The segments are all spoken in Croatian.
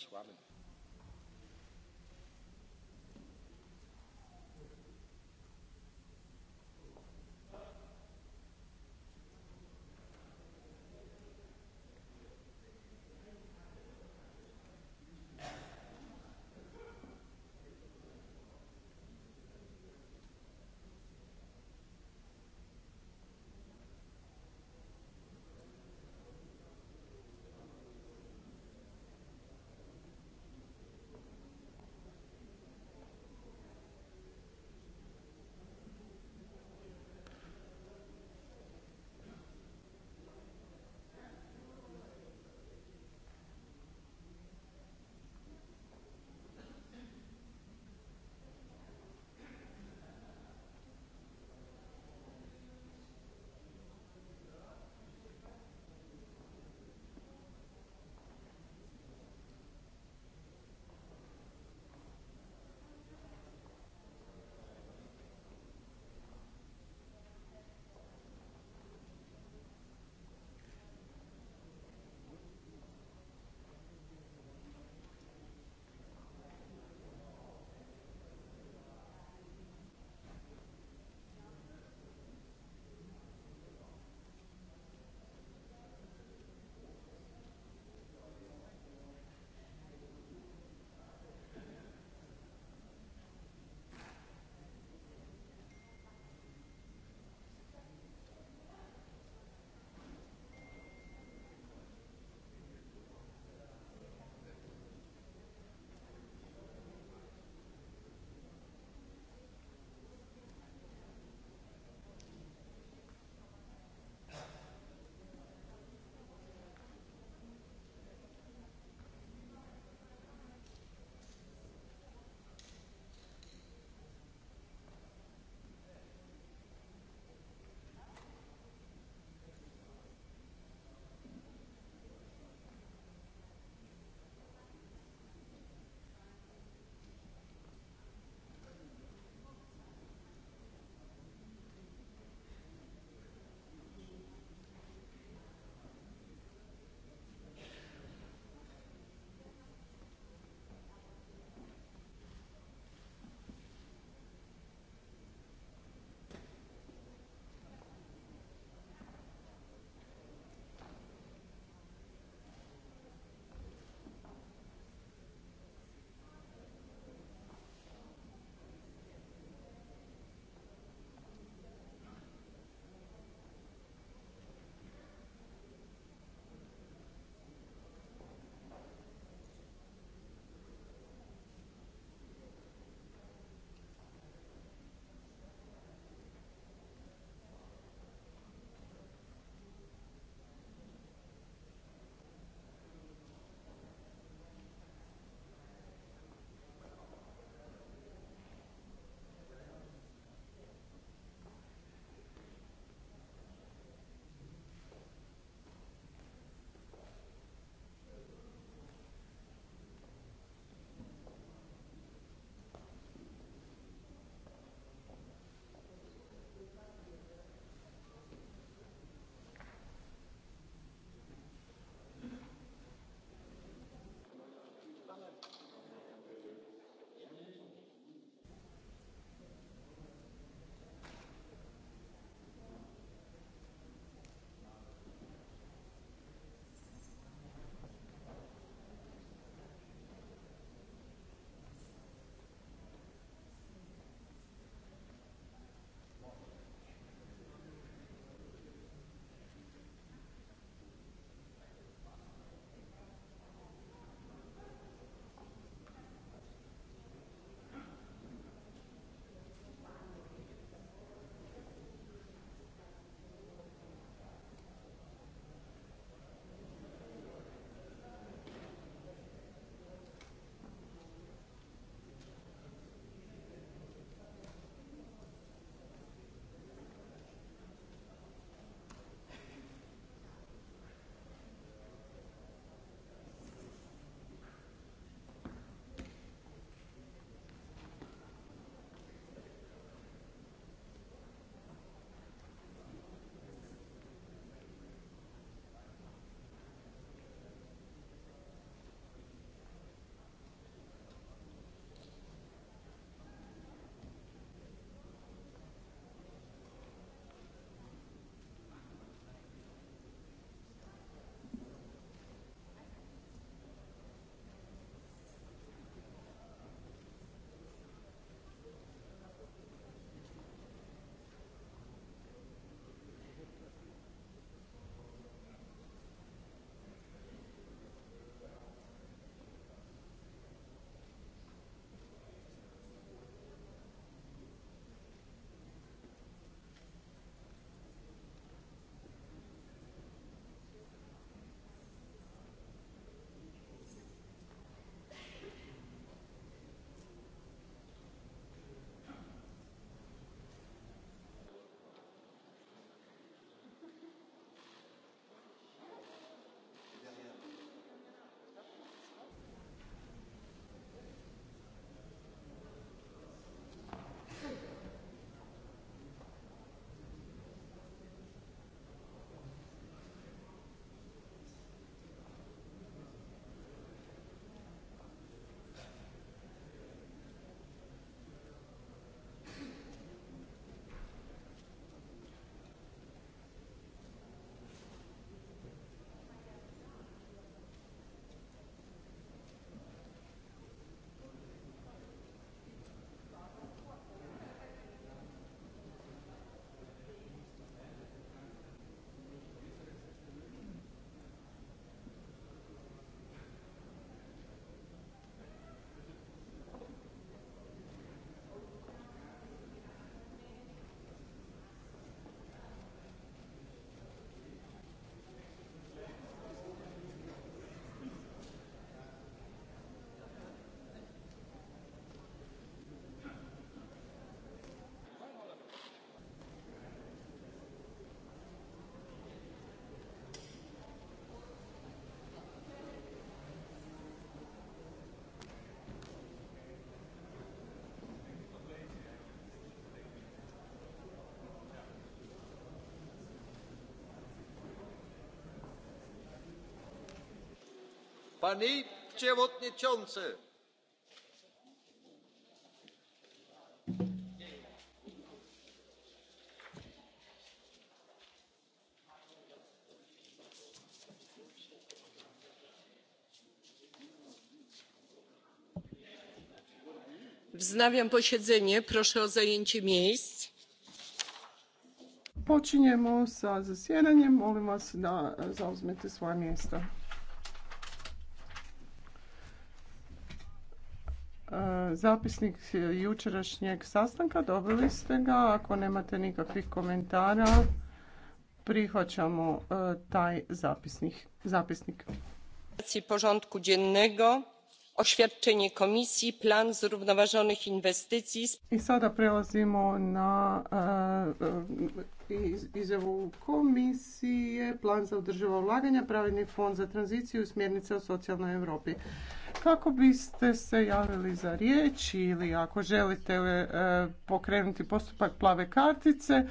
Schwaben Pani przewodniczący! Wznawiam posiedzenie. Proszę o zajęcie miejsc. Počinjemo sa zasjedanjem. Molim vas da zauzmete svoje mjesta. Zapisnik jučerašnjeg sastanka dobili ste ga. Ako nemate nikakvih komentara, prihvaćamo e, taj zapisnik. zapisnik. porządku dziennego oświadczenie komisji plan zrównoważonych inwestycji. I sada prelazimo na e, e, izjavu komisije plan za održivo ulaganje, pravedni fond za tranziciju i smjernice o socijalnoj Europi kako biste se javili za riječ ili ako želite e, pokrenuti postupak plave kartice,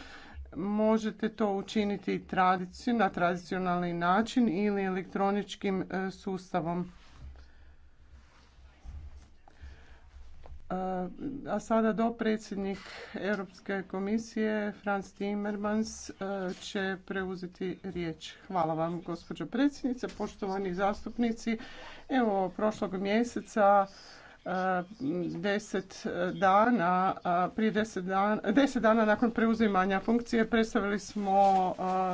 možete to učiniti na tradicionalni način ili elektroničkim e, sustavom. A sada dopredsjednik Europske komisije Franz Timmermans e, će preuzeti riječ. Hvala vam gospođo predsjednice, poštovani zastupnici. Evo prošlog mjeseca e, deset dana, prije deset dana, deset dana nakon preuzimanja funkcije predstavili smo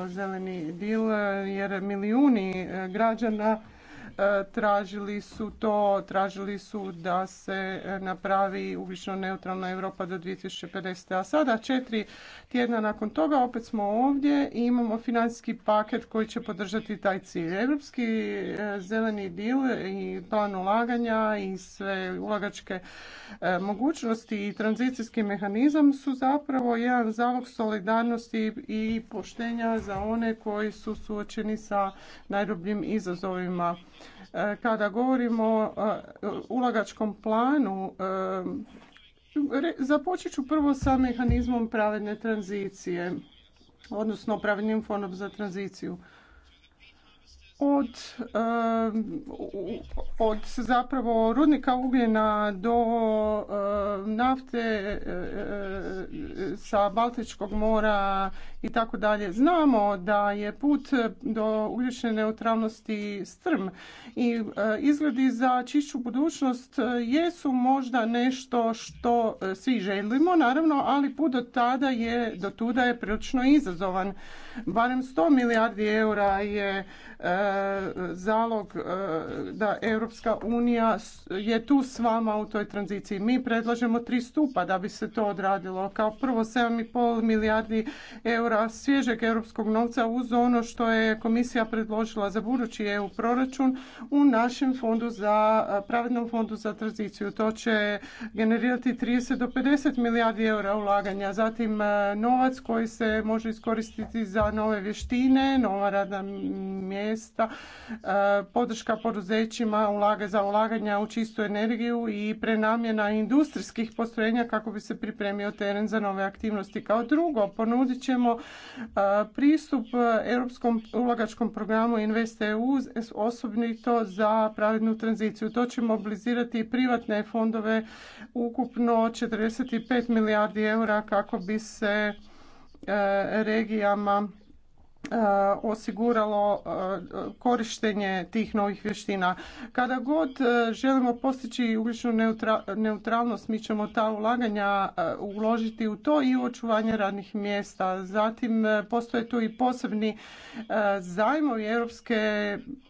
e, zeleni dil jer milijuni građana E, tražili su to, tražili su da se e, napravi ugljično neutralna Europa do 2050. A sada četiri tjedna nakon toga opet smo ovdje i imamo financijski paket koji će podržati taj cilj. Europski e, zeleni dil i plan ulaganja i sve ulagačke mogućnosti i tranzicijski mehanizam su zapravo jedan zalog solidarnosti i poštenja za one koji su suočeni sa najdubljim izazovima E, kada govorimo o e, ulagačkom planu, e, započet ću prvo sa mehanizmom pravedne tranzicije, odnosno pravednim fondom za tranziciju. Um, od, zapravo rudnika ugljena do um, nafte uh, uh, sa Baltičkog mora i tako dalje. Znamo da je put do ugljične neutralnosti strm i uh, izgledi za čišću budućnost jesu možda nešto što svi želimo, naravno, ali put do tada je, do tuda je prilično izazovan Barem 100 milijardi eura je e, zalog e, da Europska unija je tu s vama u toj tranziciji. Mi predlažemo tri stupa da bi se to odradilo. Kao prvo 7,5 milijardi eura svježeg europskog novca uz ono što je komisija predložila za budući EU proračun u našem fondu za, pravednom fondu za tranziciju. To će generirati 30 do 50 milijardi eura ulaganja. Zatim e, novac koji se može iskoristiti za nove vještine, nova radna mjesta, e, podrška poduzećima ulaga za ulaganja u čistu energiju i prenamjena industrijskih postrojenja kako bi se pripremio teren za nove aktivnosti. Kao drugo, ponudit ćemo e, pristup Europskom ulagačkom programu InvestEU osobnito za pravednu tranziciju. To će mobilizirati privatne fondove ukupno 45 milijardi eura kako bi se Eh, regijama eh, osiguralo eh, korištenje tih novih vještina. Kada god želimo postići ugljičnu neutralnost, mi ćemo ta ulaganja uložiti u to i u očuvanje radnih mjesta. Zatim postoje tu i posebni zajmovi Europske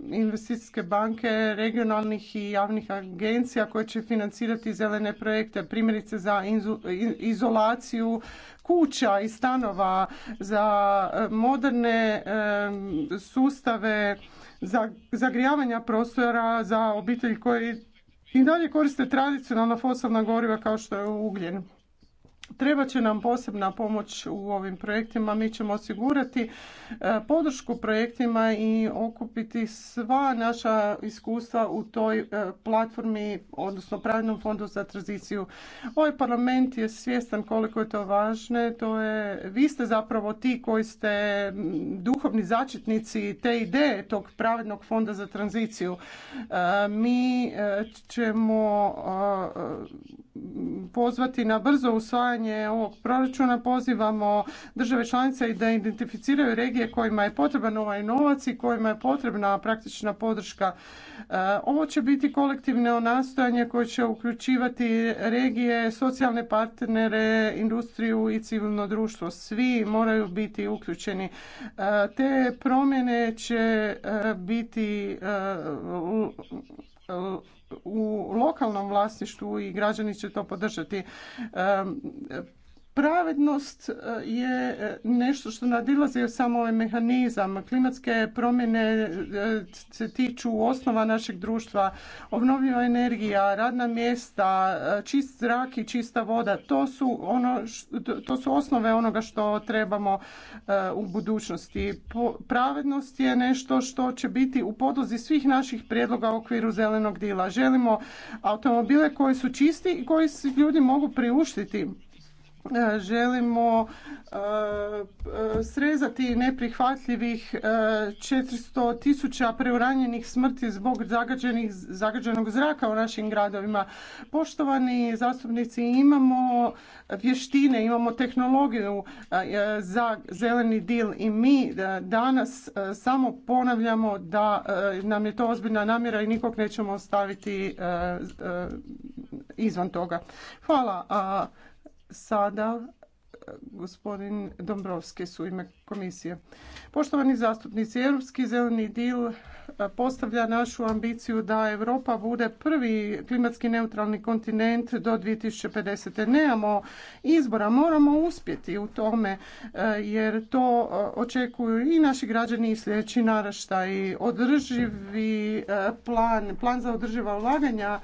investicijske banke, regionalnih i javnih agencija koje će financirati zelene projekte, primjerice za izolaciju kuća i stanova, za e, moderne e, sustave za zagrijavanja prostora za obitelji koji i dalje koriste tradicionalna fosilna goriva kao što je ugljen. Treba će nam posebna pomoć u ovim projektima. Mi ćemo osigurati e, podršku projektima i okupiti sva naša iskustva u toj e, platformi, odnosno Pravnom fondu za tranziciju. Ovaj parlament je svjestan koliko je to važno. To je, vi ste zapravo ti koji ste duhovni začetnici te ideje tog Pravednog fonda za tranziciju. E, mi ćemo pozvati na brzo usvajanje ovog proračuna. Pozivamo države članice i da identificiraju regije kojima je potreban ovaj novac i kojima je potrebna praktična podrška. E, ovo će biti kolektivno nastojanje koje će uključivati regije, socijalne partnere, industriju i civilno društvo. Svi moraju biti uključeni. E, te promjene će e, biti u lokalnom vlasništvu i građani će to podržati pravednost e, je e, nešto što nadilazi samo ovaj mehanizam. Klimatske promjene e, se tiču osnova našeg društva, obnovljiva energija, radna mjesta, čist zrak i čista voda. To su, ono, to su osnove onoga što trebamo u budućnosti. Pravednost je nešto što će biti u podlozi svih naših prijedloga u okviru zelenog dila. Želimo automobile koji su čisti i koji ljudi mogu priuštiti E, želimo e, srezati neprihvatljivih 400 e, tisuća preuranjenih smrti zbog zagađenog zraka u našim gradovima. Poštovani zastupnici, imamo vještine, imamo tehnologiju za zeleni dil i mi danas samo ponavljamo da nam je to ozbiljna namjera i nikog nećemo ostaviti izvan toga. Hvala Sada e, gospodin Dombrovski su ime komisije. Poštovani zastupnici, Europski zeleni dil postavlja našu ambiciju da Europa bude prvi klimatski neutralni kontinent do 2050. Nemamo izbora, moramo uspjeti u tome e, jer to e, očekuju i naši građani i sljedeći i Održivi e, plan, plan za održiva ulaganja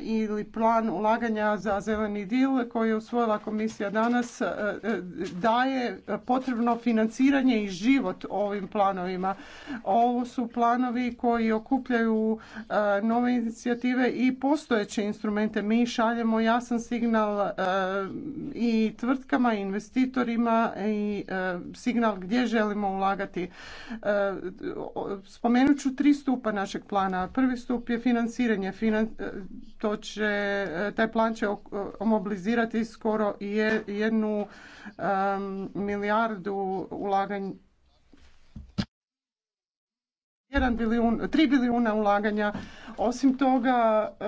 ili plan ulaganja za zeleni dil koji je usvojila komisija danas daje potrebno financiranje i život ovim planovima. Ovo su plan planovi koji okupljaju e, nove inicijative i postojeće instrumente. Mi šaljemo jasan signal e, i tvrtkama i investitorima i e, signal gdje želimo ulagati. Spomenut ću tri stupa našeg plana. Prvi stup je financiranje. To će, taj plan će omobilizirati skoro jednu milijardu ulaganja bilijun, 3 bilijuna ulaganja. Osim toga e,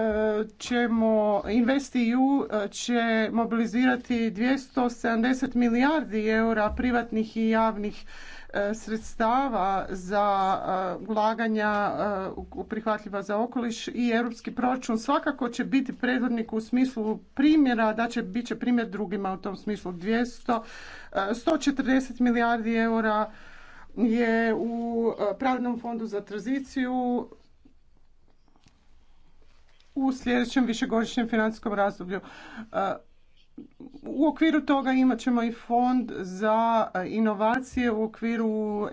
ćemo InvestEU e, će mobilizirati 270 milijardi eura privatnih i javnih e, sredstava za ulaganja prihvatljiva za okoliš i europski proračun svakako će biti predvodnik u smislu primjera, da će biti će primjer drugima u tom smislu 200, 140 milijardi eura je u e, Pravnom fondu za tranziciju u sljedećem višegodišnjem financijskom razdoblju. E, u okviru toga imat ćemo i fond za e, inovacije u okviru e,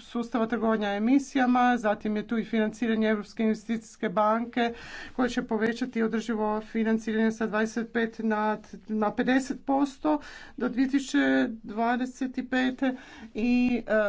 sustava trgovanja emisijama, zatim je tu i financiranje Europske investicijske banke koje će povećati održivo financiranje sa 25 na, na 50% do 2025. i e,